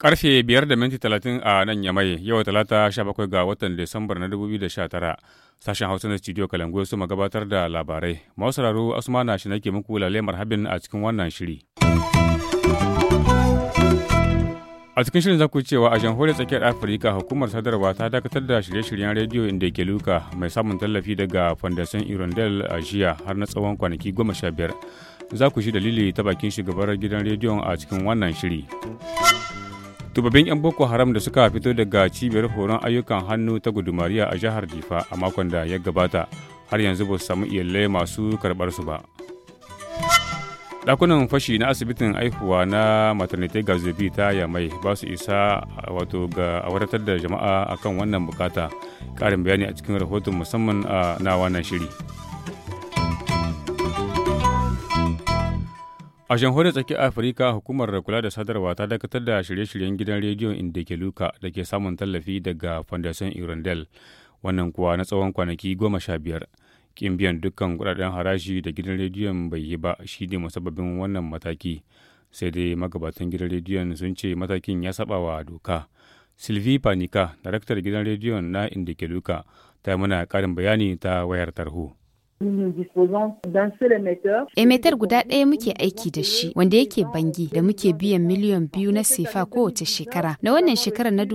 Karfe biyar da minti talatin a nan ya Yamai, yau talata 17 ga watan Disambar na tara Sashen Hausa na Studio Kalangu su gabatar da labarai. Masu sauraro na shi nake muku lalle marhabin a cikin wannan shiri. a cikin shirin za ku cewa a jamhuriyar tsakiyar afirka hukumar sadarwa ta dakatar da shirye-shiryen rediyo inda ke luka mai samun tallafi daga fondasan irondel a jiya har na tsawon kwanaki goma sha biyar za ku shi dalili ta bakin shugabar gidan rediyon a cikin wannan shiri tubabin 'yan boko haram da suka fito daga cibiyar horon ayyukan hannu ta gudumariya a jihar difa a makon da ya gabata har yanzu ba su samu iyalai masu karɓar su ba dakunan fashi na asibitin aihuwa na maternity gazobi ta yamai ba su isa wato ga awartar da jama'a akan wannan bukata karin bayani a cikin rahoton musamman a na wannan shiri a jamhuriyar tsakiyar afirka hukumar kula da sadarwa ta dakatar da shirye-shiryen gidan rediyon luka da ke samun tallafi daga foundation irondel wannan kuwa na tsawon kwanaki goma sha biyar kin biyan dukkan kudaden haraji da gidan rediyon bai yi ba shi ne musabbabin wannan mataki sai dai magabatan gidan rediyon sun ce matakin ya saba wa doka sylvie panika daraktar gidan rediyon na indikeluka ta muna karin bayani ta wayar tarho Emetar guda ɗaya muke aiki da shi wanda yake bangi da muke biyan miliyan biyu na sefa kowace shekara. Na wannan shekarar na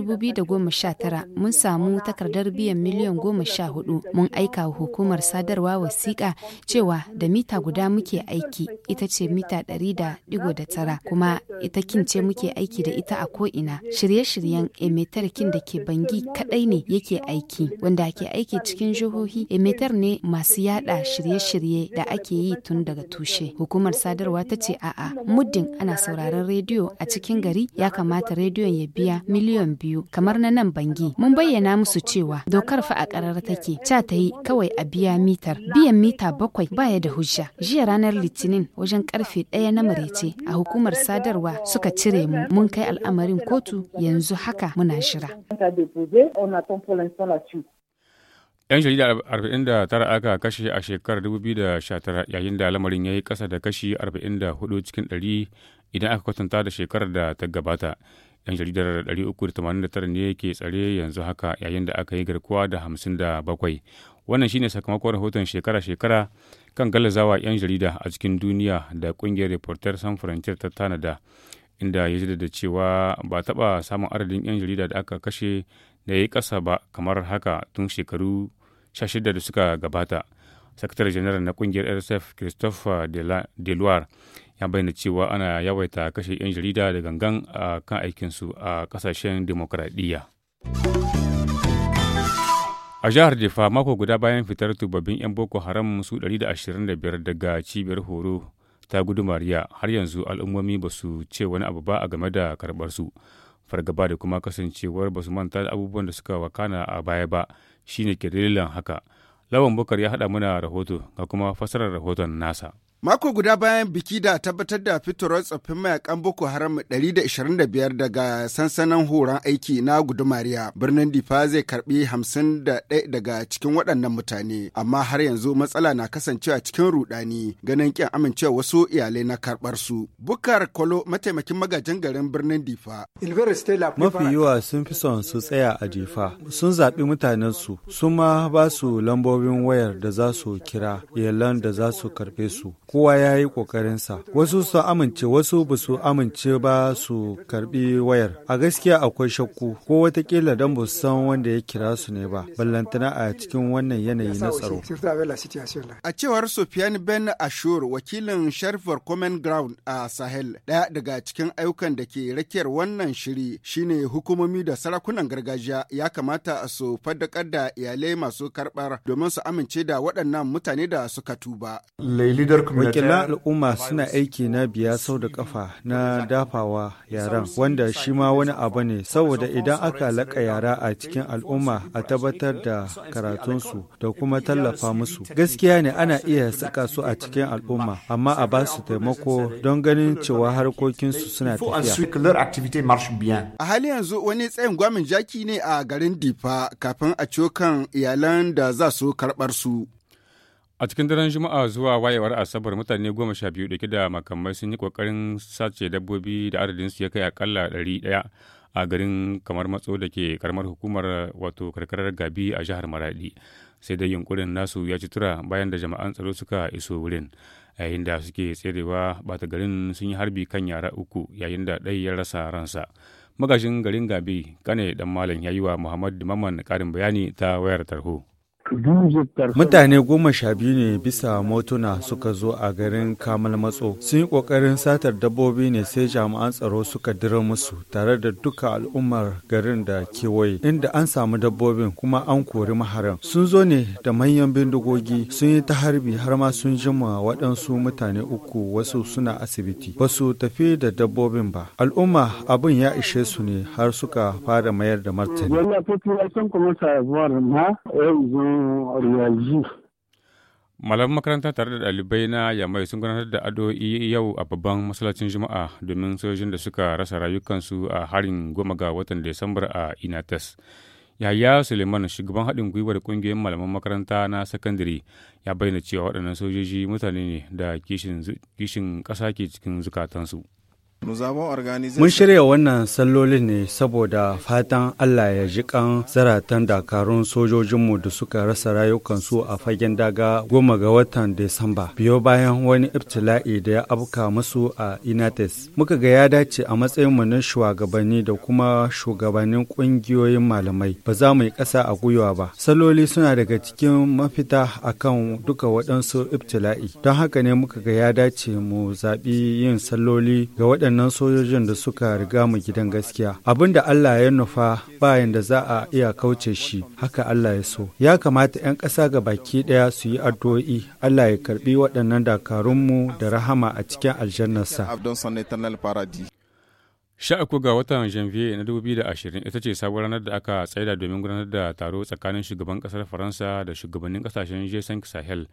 tara mun samu takardar biyan miliyan goma sha hudu mun aika wa hukumar sadarwa wasiƙa cewa da mita guda muke aiki ita ce mita ɗari da ɗigo da tara kuma ita kince muke aiki da ita a ko ina Shirye-shiryen emetar kin da ke bangi kaɗai ne yake aiki wanda ke aiki cikin jihohi emetar ne masu yaɗa shirye-shirye da ake yi tun daga tushe. Hukumar sadarwa ta ce a'a muddin ana sauraron rediyo a cikin gari ya kamata rediyon ya biya miliyan biyu kamar na nan bangi. Mun bayyana musu cewa dokar fa a karar take ca ta yi kawai a biya mitar. Biyan mita bakwai baya da hujja. Jiya ranar Litinin wajen karfe ɗaya na marece a hukumar sadarwa suka cire mu mun kai al'amarin kotu yanzu haka muna shira. 'yan jarida tara aka kashe a shekarar 2019 yayin da lamarin ya yi kasa da kashi 44 cikin 100 idan aka kwatanta da shekarar da ta gabata 'yan jaridar 389 ne ke tsare yanzu haka yayin da aka yi garkuwa da hamsin 57 wannan shine sakamakon rahoton shekara-shekara kan galazawa 'yan jarida a cikin duniya da kungiyar reporter san frontier ta tanada inda ya da cewa ba taɓa samun adadin 'yan jarida da aka kashe da ya yi ƙasa ba kamar haka tun shekaru 16 da suka gabata. Sakatare janar na ƙungiyar RSF Christopher Deluar ya bayyana cewa ana yawaita kashe 'yan jarida da gangan a kan aikinsu a ƙasashen demokradiyya. a jihar Defa mako guda bayan fitar tubabin 'yan Boko Haram su 125 daga cibiyar horo ta gudumariya har yanzu al'ummomi ba su ce wani abu ba a game da karɓarsu. fargaba da kuma kasancewar ba su manta da abubuwan da suka wakana a baya ba shine ke dalilan haka lawan bukar ya haɗa mana rahoto ga kuma fasarar rahoton nasa Mako guda bayan biki da tabbatar da fitowar tsoffin mayakan Boko Haram 125 daga sansanin horon aiki na gudumariya birnin Difa zai karbi 51 daga cikin waɗannan mutane, amma har yanzu matsala na kasancewa cikin rudani ganin kyan amincewa wasu iyalai na karɓar su. Bukar Kolo mataimakin magajin garin birnin Difa. Mafi yawa sun fi son su tsaya a Difa, sun zaɓi mutanen su, su ma ba su lambobin wayar da za su kira, yalan da za su karɓe su. kowa ya yi ƙoƙarinsa wasu su amince wasu ba su amince ba su karbi wayar a gaskiya akwai shakku ko watakila don ba su san wanda ya kira su ne ba ballantana a cikin wannan yanayi na tsaro a cewar Sofian Ben Ashur wakilin sharfar Common Ground a Sahel ɗaya daga cikin ayyukan da ke rakiyar wannan shiri shine hukumomi da sarakunan gargajiya ya kamata su faddakar da iyalai masu karbar domin su amince da waɗannan mutane da suka tuba. wakilan al'umma suna aiki na biya sau da kafa na dafawa yaran wanda shi ma wani abu ne saboda idan aka laƙa yara a cikin al'umma a tabbatar da karatunsu da kuma tallafa musu gaskiya ne ana iya saka su a cikin al'umma amma a ba su taimako don ganin cewa harkokinsu suna tafiya a hali yanzu wani tsayin gwamin jaki ne a garin difa kafin a cokan iyalan da za su karɓar su A cikin daren Juma'a zuwa wayewar Asabar mutane goma sha biyu ɗauke da makamai sun yi kokarin sace dabbobi da adadin su ya kai akalla ɗari ɗaya a garin kamar matso da ke karamar hukumar wato karkarar Gabi a jihar Maradi. Sai dai yunkurin nasu ya ci tura bayan da jama'an tsaro suka iso wurin. Yayin da suke tserewa bata garin sun yi harbi kan yara uku yayin da ɗai ya rasa ransa. Magashin garin Gabi kane dan malam ya yi wa Muhammad Maman karin bayani ta wayar tarho. Mutane goma sha biyu ne bisa motuna suka zo a garin Kamal Matso. Sun yi ƙoƙarin satar dabbobi ne sai jami'an tsaro suka dira musu tare da duka al'ummar garin da kewaye, inda an samu dabbobin kuma an kori maharan. Sun zo ne da manyan bindigogi sun yi ta harbi har ma sun jima waɗansu mutane uku wasu suna asibiti. Ba su tafi da dabbobin ba. Al'umma abin ya ishe su ne har suka fara mayar da martani. Riyazi. Malaman makaranta tare da ɗalibai na Yamai sun gudanar da adoi yau a babban masallacin Juma'a domin sojojin da suka rasa rayukansu a harin goma ga watan Desambar a Inates. Yahaya Suleiman shugaban haɗin gwiwar ƙungiyoyin malaman makaranta na sakandare ya bayyana cewa waɗannan sojoji mutane ne da kishin ƙasa ke cikin zukatansu. Mun shirya wannan sallolin ne saboda fatan Allah ya ji kan zaratan dakarun sojojinmu da suka rasa rayukansu a fagen daga goma ga watan Disamba, biyo bayan wani Iftila'i da ya abuka musu a Inates. Muka ga ya dace a matsayin mu na shugabanni da kuma shugabannin ƙungiyoyin malamai, ba za mu yi ƙasa a gwiwa ba. Salloli suna daga cikin mafita akan duka waɗansu Iftila'i, don haka ne muka ga ya dace mu zaɓi yin salloli ga waɗansu waɗannan sojojin da suka riga mu gidan gaskiya abin da Allah ya nufa bayan da za a iya kauce shi haka Allah ya so ya kamata 'yan ƙasa ga baki ɗaya su yi addu'o'i Allah ya karɓi waɗannan dakarunmu da rahama a cikin aljannarsa uku ga watan janvier na 2020 ita ce sabuwar ranar da aka tsaida domin gudanar da taro tsakanin shugaban kasar Faransa da shugabannin kasashen Jason Sahel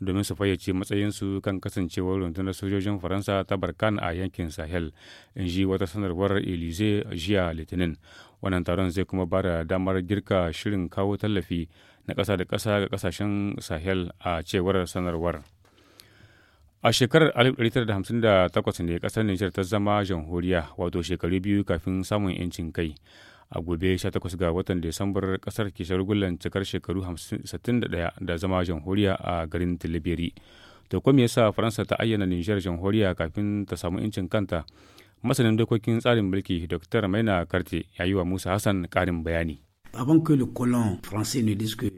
domin su fayyace matsayinsu kan kasancewar rundunar sojojin Faransa ta Barkan a yankin Sahel, in ji wata sanarwar Elise jiya Litinin. Wannan taron zai kuma bada damar girka shirin kawo tallafi na ƙasa da kasa ga kasashen Sahel a cewar sanarwar. A shekarar 1958 ne kasar Nijar ta zama jamhuriya wato shekaru biyu kafin samun 'yancin kai. A gobe 18 ga watan Desambar kasar ke shagulgulan cikar shekaru 61 da zama jamhuriya a garin Tilibiri. To kuma yasa Faransa ta ayyana Nijar jamhuriya kafin ta samu 'yancin kanta? Masanin dokokin tsarin mulki Dr. Maina Karte ya yi wa Musa Hassan ƙarin bayani.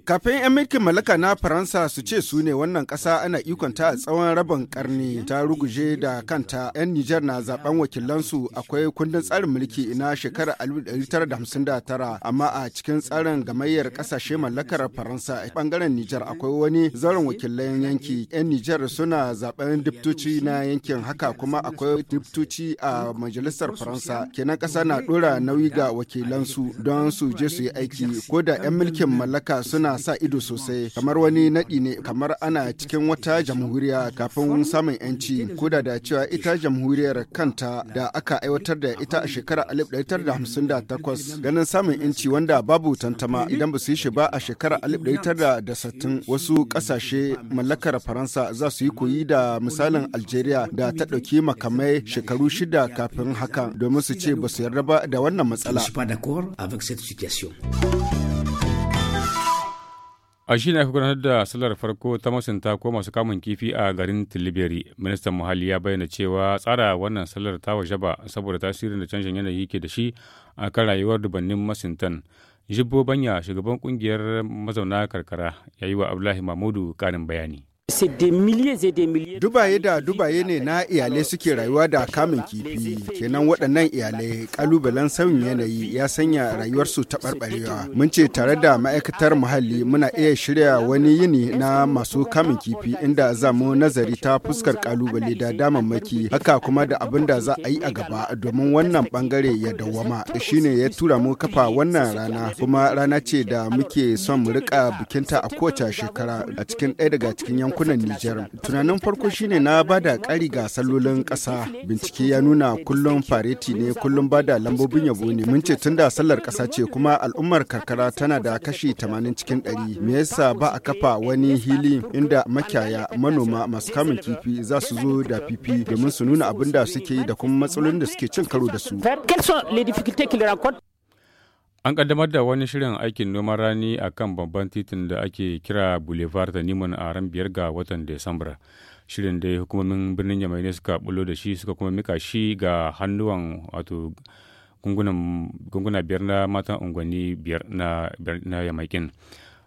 Kafin 'yan mulkin mallaka na Faransa su ce su ne wannan ƙasa ana ikonta a tsawon rabin karni ta ruguje da kanta 'yan Nijar na zaben wakilansu akwai kundin tsarin mulki na shekarar 1959 amma a cikin tsarin gamayyar ƙasashe mallakar Faransa a bangaren Nijar akwai wani zaren wakilan yanki 'yan Nijar suna zaben diptoci na yankin haka kuma akwai diptoci a majalisar Faransa kenan kasa na ɗora nauyi ga wakilansu don su je su yi aiki ko da 'yan mulkin mallaka suna sa ido sosai kamar wani naɗi ne kamar ana cikin wata jamhuriya kafin samun 'yanci ko da da cewa ita jamhuriyar kanta da aka aiwatar da ita a shekarar 1958 ganin samun 'yanci wanda babu tantama idan ba su yi shi ba a shekarar 1960 wasu kasashe mallakar faransa za su yi koyi da misalin algeria da ta ɗauki makamai shekaru shida kafin hakan domin su ce ba su yarda ba da wannan matsala. a shi ne aka da salar farko ta masunta ko masu kamun kifi a garin tilibiri ministan muhalli ya bayyana cewa tsara wannan salar ta wa jaba saboda tasirin da canjin yanayi ke da shi a kan rayuwar dubannin masuntan jibbo banya shugaban kungiyar mazauna karkara ya yi wa abdullahi mahmudu karin bayani Dubaye da dubaye ne na iyalai suke rayuwa da kamun kifi, kenan waɗannan iyalai kalubalen sauyin yanayi ya sanya rayuwarsu taɓarɓarewa. Mun ce tare da ma'aikatar muhalli muna iya shirya wani yini na masu kamun kifi inda za mu nazari ta fuskar ƙalubale da damammaki haka kuma da abin da za a yi a gaba domin wannan bangare ya dawwama. Shine ya tura mu kafa wannan rana kuma rana ce da muke son mu rika bikinta a kowace shekara a cikin ɗaya daga cikin yankunan yankunan Nijar. Tunanin farko shine na bada kari ga sallolin ƙasa. Bincike ya nuna kullum fareti ne kullum bada lambobin yabo ne. Mun ce tunda sallar ƙasa ce kuma al'ummar karkara tana da kashi 80 cikin 100. Me yasa ba a kafa wani hili inda makiyaya manoma masu kamun kifi za su zo da fifi domin su nuna abin da suke yi da kuma matsalolin da suke cin karo da su. An kaddamar da wani shirin aikin noman rani a kan babban titin da ake kira Boulevard da Niman a ran biyar ga watan Desambra. Shirin da hukumomin birnin Yamai ne suka bulo da shi suka kuma mika shi ga hannuwan wato gunguna biyar na matan unguwanni biyar na, Yamaikin.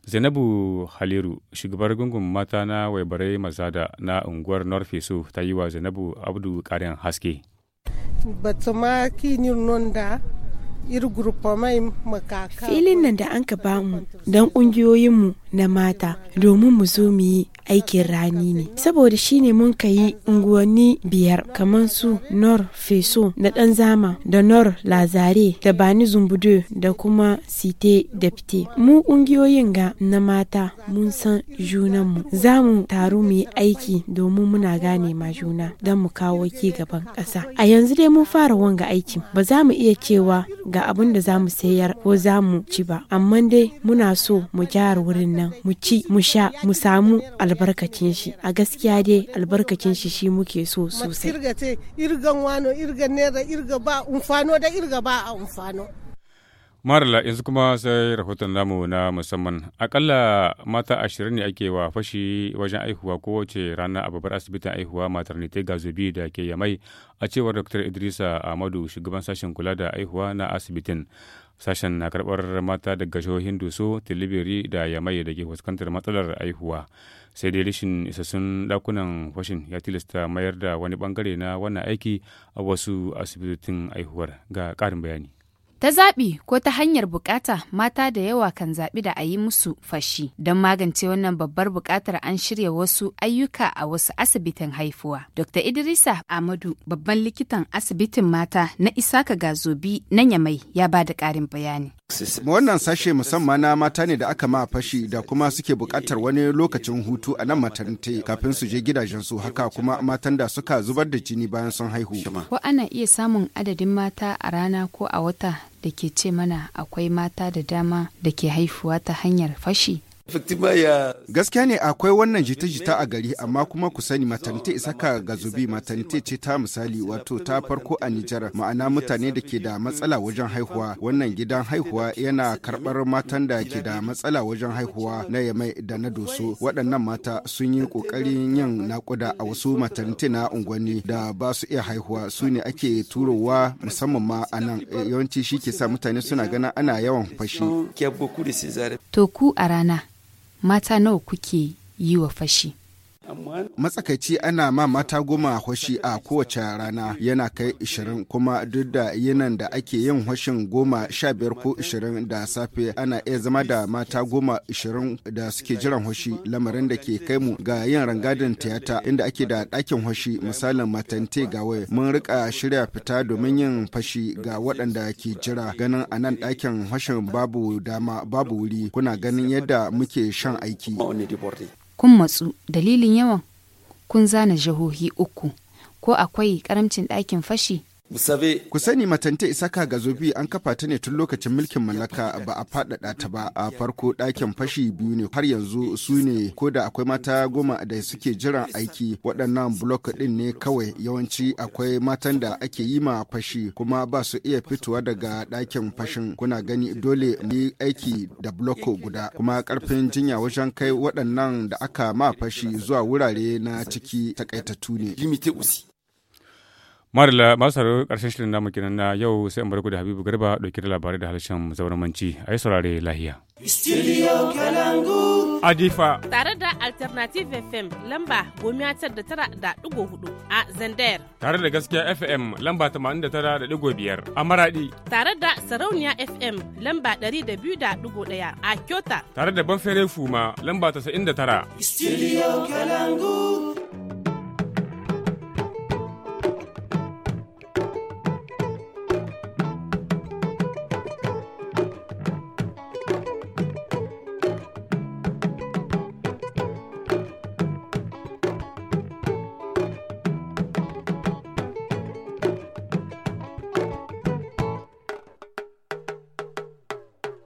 Zainabu Haliru, shugabar gungun mata na Waibarai Mazada na unguwar North ta yi wa Zainabu Abdu ƙarin haske. Batuma da filin nan da an ka bamu don mu na mata domin mu zo mu yi aikin rani ne saboda shine mun ka yi unguwanni biyar kamar su nor feso na dan zama da nor lazare da bani zumbudo da kuma site da fite mu kungiyoyin ga na mata mun san junanmu za mu taru mu yi aiki domin muna gane ma juna don mu kawo ki gaban ƙasa a yanzu dai mun fara wanga aiki ba za mu iya cewa ga abin da za mu sayar ko za mu ci ba amma dai muna so mu gyara wurin nan mu ci mu sha mu samu al albarkacin shi a gaskiya dai albarkacin shi shi muke so sosai irga te irgan wano irgan nera irga ba umfano da irga ba a umfano marala yanzu kuma sai rahoton namu na musamman akalla mata ashirin ne ake wa fashi wajen aihuwa kowace rana a babbar asibitin aihuwa maternity gazobi da ke yamai a cewar dr idrisa amadu shugaban sashen kula da aihuwa na asibitin Sashen na karɓar mata daga hindu su Tilibiri da Yamai da ke fuskantar matsalar aihuwa. Sai dai rashin isassun dakunan fashin ya tilasta mayar da wani bangare na wannan aiki a wasu asibitin aihuwar ga karin bayani. Ta zaɓi ko ta hanyar bukata mata da yawa kan zaɓi da a yi musu fashi. Don magance wannan babbar bukatar an shirya wasu ayyuka a wasu asibitin haifuwa. Dr. Idrisa Amadu babban likitan asibitin mata na Isaka Gazobi na Nyamai ya ba da ƙarin bayani. Wannan sashe musamman na mata ne da aka ma fashi da kuma suke bukatar wani lokacin hutu a nan maternity kafin su je gidajen su haka kuma matan da suka zubar da jini bayan sun haihu. Ko ana iya samun adadin mata a rana ko a wata da ke ce mana akwai mata da dama da ke haifuwa ta hanyar fashi Gaskiya ne akwai wannan jita-jita a gari amma kuma ku sani isa ka ga zubi matanite ce ta misali wato ta farko a Nijar ma'ana mutane da ke da matsala wajen haihuwa wannan gidan haihuwa yana karɓar matan da ke da matsala wajen haihuwa na yamai da na doso waɗannan mata sun yi ƙoƙarin yin nakuda a wasu matanite na unguwanni da ba su iya haihuwa su ne ake turowa musamman ma a nan eh, yawanci shi ke sa mutane suna ganin ana yawan fashi. To a rana mata nawa kuke yi wa fashi Matsakaici ana ma mata goma hoshi a kowace rana yana kai ishirin kuma duk da yinan da ake yin hoshin goma sha biyar ko ishirin da safe ana iya zama da mata goma ishirin da suke jiran hoshi lamarin da ke kai mu ga yin rangadin tiyata inda ake da ɗakin hoshi misalin matante wai mun rika shirya fita domin yin fashi ga waɗanda ke jira ganin a nan ɗakin hoshin babu dama babu wuri kuna ganin yadda muke shan aiki. kun matsu dalilin yawan kun zana jihohi uku ko akwai karamcin ɗakin fashi Ku sani matante Isaka Gazobi an kafa ta ne tun lokacin mulkin mallaka ba a faɗaɗa ta ba a farko ɗakin fashi biyu ne har yanzu su ne ko da akwai mata goma da suke jiran aiki waɗannan blok ɗin ne kawai yawanci akwai matan da ake yi ma fashi kuma ba su iya fitowa daga ɗakin fashin kuna gani dole yi aiki da blok guda kuma ƙarfin jinya wajen kai waɗannan da aka ma fashi zuwa wurare na ciki takaitatu ne. marila masu sauraro ƙarshen shirin namu kenan na yau sai an barku da Habibu Garba dauke da labarai da harshen zauramanci. A yi saurare lahiya. Studio Adifa. Tare da Alternative FM lamba gomiya tar da tara da ɗigo hudu a Zandayar. Tare da gaskiya FM lamba tamanin da tara da ɗigo biyar a Maraɗi. Tare da Sarauniya FM lamba ɗari da biyu da ɗigo ɗaya a Kyota. Tare da Banfere Fuma lamba tasa'in da tara. Studio